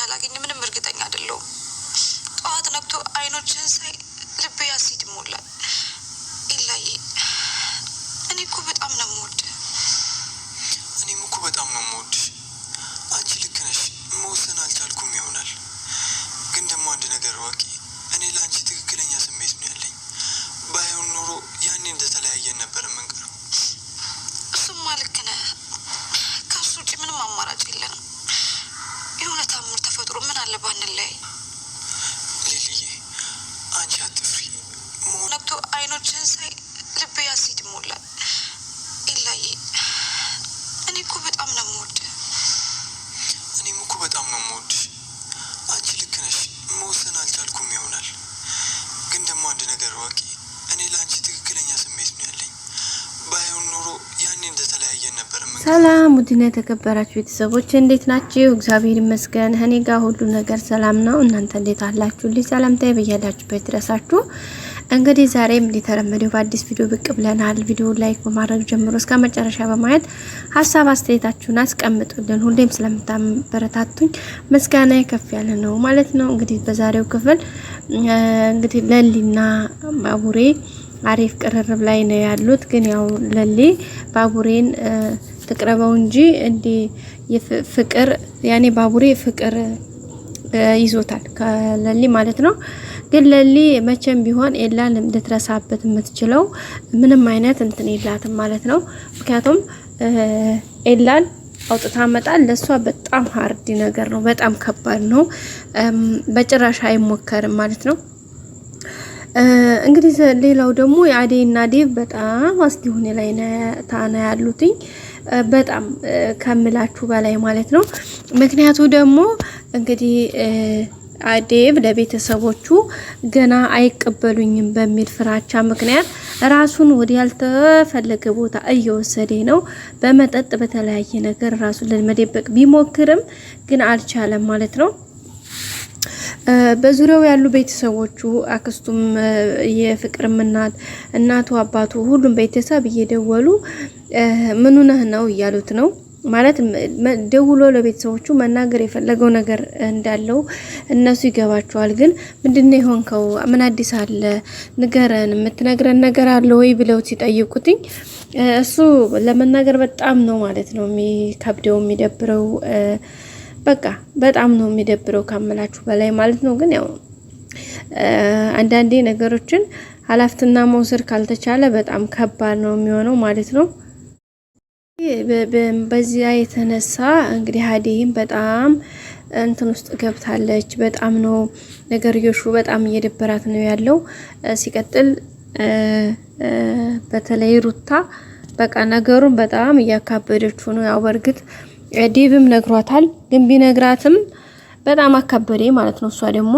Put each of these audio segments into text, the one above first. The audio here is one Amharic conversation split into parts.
ያላገኝ ምንም እርግጠኛ አይደለሁም። ጠዋት ነግቶ አይኖችን ሳይ ልቤ ያሲድ ሞላል። ኢላዬ እኔ እኮ በጣም ነው የምወድህ። እኔም እኮ በጣም ነው የምወድሽ። አንቺ ልክ ነሽ፣ መወሰን አልቻልኩም ይሆናል። ግን ደግሞ አንድ ነገር ዋቂ፣ እኔ ለአንቺ ትክክለኛ ስሜት ነው ያለኝ። ባይሆን ኑሮ ያኔ እንደተለያየን ነበር የምንቀረው። እሱማ ልክ ነህ። ከሱ ውጭ ምንም አማራጭ የለንም። നല്ല പൊന്നല്ലേ ሰላም ውድና የተከበራችሁ ቤተሰቦች እንዴት ናችሁ? እግዚአብሔር ይመስገን እኔ ጋር ሁሉ ነገር ሰላም ነው። እናንተ እንዴት አላችሁ? ልጅ ሰላምታዬ በያላችሁበት ይድረሳችሁ። እንግዲህ ዛሬም እንደተለመደው በአዲስ ቪዲዮ ብቅ ብለናል። ቪዲዮ ላይክ በማድረግ ጀምሮ እስከ መጨረሻ በማየት ሀሳብ አስተያየታችሁን አስቀምጡልን። ሁሌም ስለምታበረታቱኝ ምስጋና ከፍ ያለ ነው ማለት ነው። እንግዲህ በዛሬው ክፍል እንግዲህ ለሊና ባቡሬ አሪፍ ቅርርብ ላይ ነው ያሉት። ግን ያው ለሊ ባቡሬን ትቅረበው እንጂ እንዲህ ፍቅር ያኔ ባቡሬ ፍቅር ይዞታል ከለሊ ማለት ነው። ግን ለሊ መቼም ቢሆን ኤላን ልትረሳበት የምትችለው ምንም አይነት እንትን የላትም ማለት ነው። ምክንያቱም ኤላን አውጥታ መጣል ለእሷ በጣም ሀርድ ነገር ነው። በጣም ከባድ ነው። በጭራሽ አይሞከርም ማለት ነው። እንግዲህ ሌላው ደግሞ እና ዴቭ በጣም አስጊ ሁኔታ ላይ ያሉትኝ በጣም ከምላችሁ በላይ ማለት ነው። ምክንያቱ ደግሞ እንግዲህ አዴብ ለቤተሰቦቹ ገና አይቀበሉኝም በሚል ፍራቻ ምክንያት ራሱን ወደ ያልተፈለገ ቦታ እየወሰደ ነው። በመጠጥ በተለያየ ነገር ራሱን ለመደበቅ ቢሞክርም ግን አልቻለም ማለት ነው። በዙሪያው ያሉ ቤተሰቦቹ አክስቱም፣ የፍቅርም እናት፣ እናቱ፣ አባቱ ሁሉም ቤተሰብ እየደወሉ ምኑ ነህ ነው እያሉት ነው ማለት ደውሎ ለቤተሰቦቹ መናገር የፈለገው ነገር እንዳለው እነሱ ይገባቸዋል። ግን ምንድነው የሆንከው? ምን አዲስ አለ? ንገረን፣ የምትነግረን ነገር አለ ወይ ብለው ሲጠይቁትኝ እሱ ለመናገር በጣም ነው ማለት ነው የሚከብደው የሚደብረው። በቃ በጣም ነው የሚደብረው ካመላችሁ በላይ ማለት ነው። ግን ያው አንዳንዴ ነገሮችን ኃላፊነት መውሰድ ካልተቻለ በጣም ከባድ ነው የሚሆነው ማለት ነው። በዚያ የተነሳ እንግዲህ ሀዲይም በጣም እንትን ውስጥ ገብታለች። በጣም ነው ነገርዮሹ በጣም እየደበራት ነው ያለው። ሲቀጥል በተለይ ሩታ በቃ ነገሩን በጣም እያካበደች ነው። ያው በእርግጥ ዲብም ነግሯታል፣ ግን ቢነግራትም በጣም አካበደ ማለት ነው እሷ ደግሞ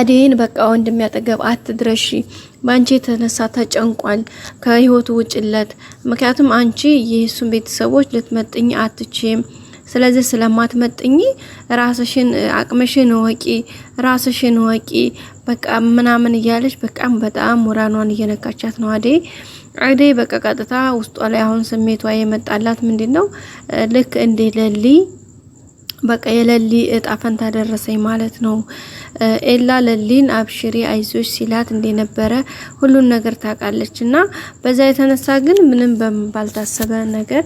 አደይን በቃ ወንድም ያጠገብ አትድረሺ፣ በአንቺ የተነሳ ተጨንቋል፣ ከህይወቱ ውጭለት። ምክንያቱም አንቺ የሱን ቤተሰቦች ልትመጥኝ አትችም። ስለዚህ ስለማትመጥኝ ራስሽን አቅምሽን ወቂ፣ ራስሽን ወቂ በቃ ምናምን እያለች በቃም በጣም ሙራኗን እየነካቻት ነው አደይ አደይ በቃ ቀጥታ ውስጧ ላይ አሁን ስሜቷ የመጣላት ምንድን ነው ልክ እንደ ለሊ በቃ የለሊ እጣ ፈንታ ደረሰኝ ማለት ነው። ኤላ ለሊን አብሽሪ አይዞች ሲላት እንደነበረ ሁሉን ነገር ታውቃለች። እና በዛ የተነሳ ግን ምንም ባልታሰበ ነገር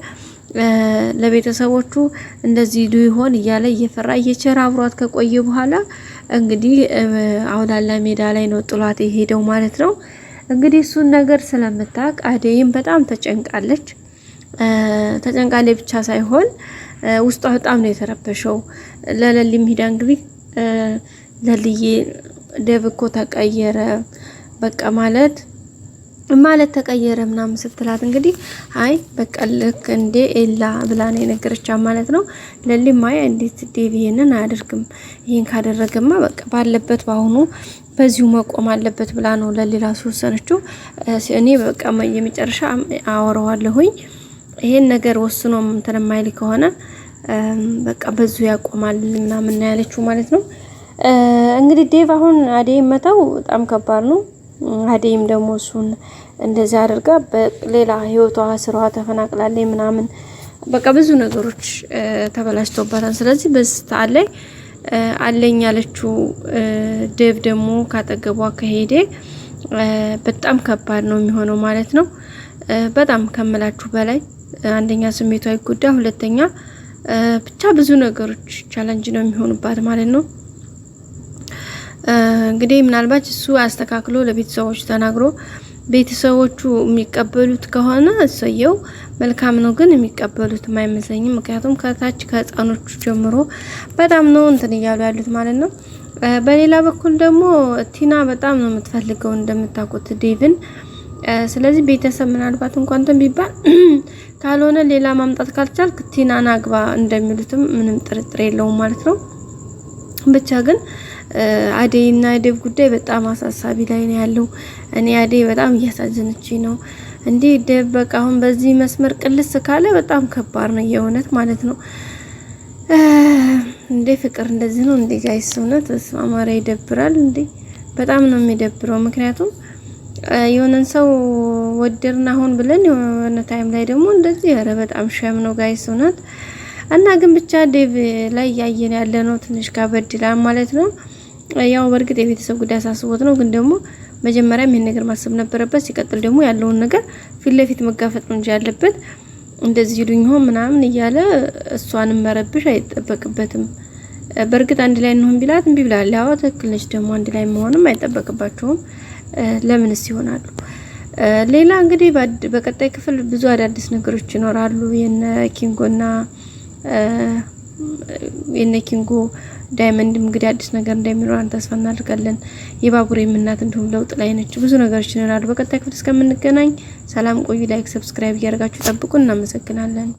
ለቤተሰቦቹ እንደዚህ ዱ ይሆን እያለ እየፈራ እየቸረ አብሯት ከቆየ በኋላ እንግዲህ አውላላ ሜዳ ላይ ነው ጥሏት የሄደው ማለት ነው። እንግዲህ እሱን ነገር ስለምታውቅ አደይም በጣም ተጨንቃለች። ተጨንቃሌ ብቻ ሳይሆን ውስጧ በጣም ነው የተረበሸው። ለለሊም ሂዳ እንግዲህ ለልዬ ደብ እኮ ተቀየረ በቃ ማለት ማለት ተቀየረ ምናምን ስትላት እንግዲህ አይ በቃ ልክ እንዴ ኤላ ብላ ነው የነገረቻ ማለት ነው። ለሊም አይ እንዴት ዴቭ ይሄንን አያደርግም፣ ይሄን ካደረገማ በቃ ባለበት በአሁኑ በዚሁ መቆም አለበት ብላ ነው ለሌላ ራሱ ወሰነችው። እኔ በቃ የመጨረሻ አወራዋለሁኝ ይሄን ነገር ወስኖም እንትን የማይል ከሆነ በቃ በዙ ያቆማል ምናምን ያለችው ማለት ነው። እንግዲህ ዴቭ አሁን አዴ መተው በጣም ከባድ ነው። አዴይም ደግሞ እሱን እንደዚህ አድርጋ በሌላ ህይወቷ ስሯ ተፈናቅላለች ምናምን በቃ ብዙ ነገሮች ተበላሽተውባታል። ስለዚህ በስታ ላይ አለኝ ያለችው ዴቭ ደግሞ ካጠገቧ ከሄደ በጣም ከባድ ነው የሚሆነው ማለት ነው። በጣም ከምላችሁ በላይ አንደኛ ስሜቷ ይጎዳ ሁለተኛ ብቻ ብዙ ነገሮች ቻለንጅ ነው የሚሆኑባት ማለት ነው። እንግዲህ ምናልባት እሱ አስተካክሎ ለቤተሰቦቹ ተናግሮ ቤተሰቦቹ የሚቀበሉት ከሆነ እሰየው መልካም ነው። ግን የሚቀበሉት አይመስለኝም። ምክንያቱም ከታች ከህፃኖቹ ጀምሮ በጣም ነው እንትን እያሉ ያሉት ማለት ነው። በሌላ በኩል ደግሞ ቲና በጣም ነው የምትፈልገው እንደምታውቁት ዴቭን ስለዚህ ቤተሰብ ምናልባት እንኳንተን ቢባል ካልሆነ ሌላ ማምጣት ካልቻልክ ቲናን አግባ እንደሚሉትም ምንም ጥርጥር የለውም ማለት ነው። ብቻ ግን አዴይና የዴቭ ጉዳይ በጣም አሳሳቢ ላይ ነው ያለው። እኔ አዴይ በጣም እያሳዘነች ነው። እንዲህ ደብ በቃ አሁን በዚህ መስመር ቅልስ ካለ በጣም ከባድ ነው የእውነት ማለት ነው። እንዴ ፍቅር እንደዚህ ነው እንዴ ጋይስ? እውነት ስማማሪያ ይደብራል እንዴ! በጣም ነው የሚደብረው ምክንያቱም የሆነን ሰው ወደርን አሁን ብለን የሆነ ታይም ላይ ደግሞ እንደዚህ ኧረ በጣም ሸም ነው ጋይስ እውነት እና ግን ብቻ ዴቭ ላይ እያየን ያለ ነው ትንሽ ከበድ ማለት ነው። ያው በእርግጥ የቤተሰብ ጉዳይ አሳስቦት ነው፣ ግን ደግሞ መጀመሪያም ይህን ነገር ማሰብ ነበረበት። ሲቀጥል ደግሞ ያለውን ነገር ፊት ለፊት መጋፈጥ ነው እንጂ ያለበት እንደዚህ ይሉኝ ሆን ምናምን እያለ እሷንም መረብሽ አይጠበቅበትም። በእርግጥ አንድ ላይ እንሆን ቢላት እምቢ ብላለች። አዎ ትክክል ነች። ደግሞ አንድ ላይ መሆንም አይጠበቅባቸውም። ለምንስ ይሆናሉ? ሌላ እንግዲህ በቀጣይ ክፍል ብዙ አዳዲስ ነገሮች ይኖራሉ። የነ ኪንጎና የነ ኪንጎ ዳይመንድም እንግዲህ አዲስ ነገር እንደሚኖራን ተስፋ እናደርጋለን። የባቡሬ እናት እንዲሁም ለውጥ ላይ ነች። ብዙ ነገሮች ይኖራሉ። በቀጣይ ክፍል እስከምንገናኝ ሰላም ቆዩ። ላይክ፣ ሰብስክራይብ እያደርጋችሁ ጠብቁን። እናመሰግናለን።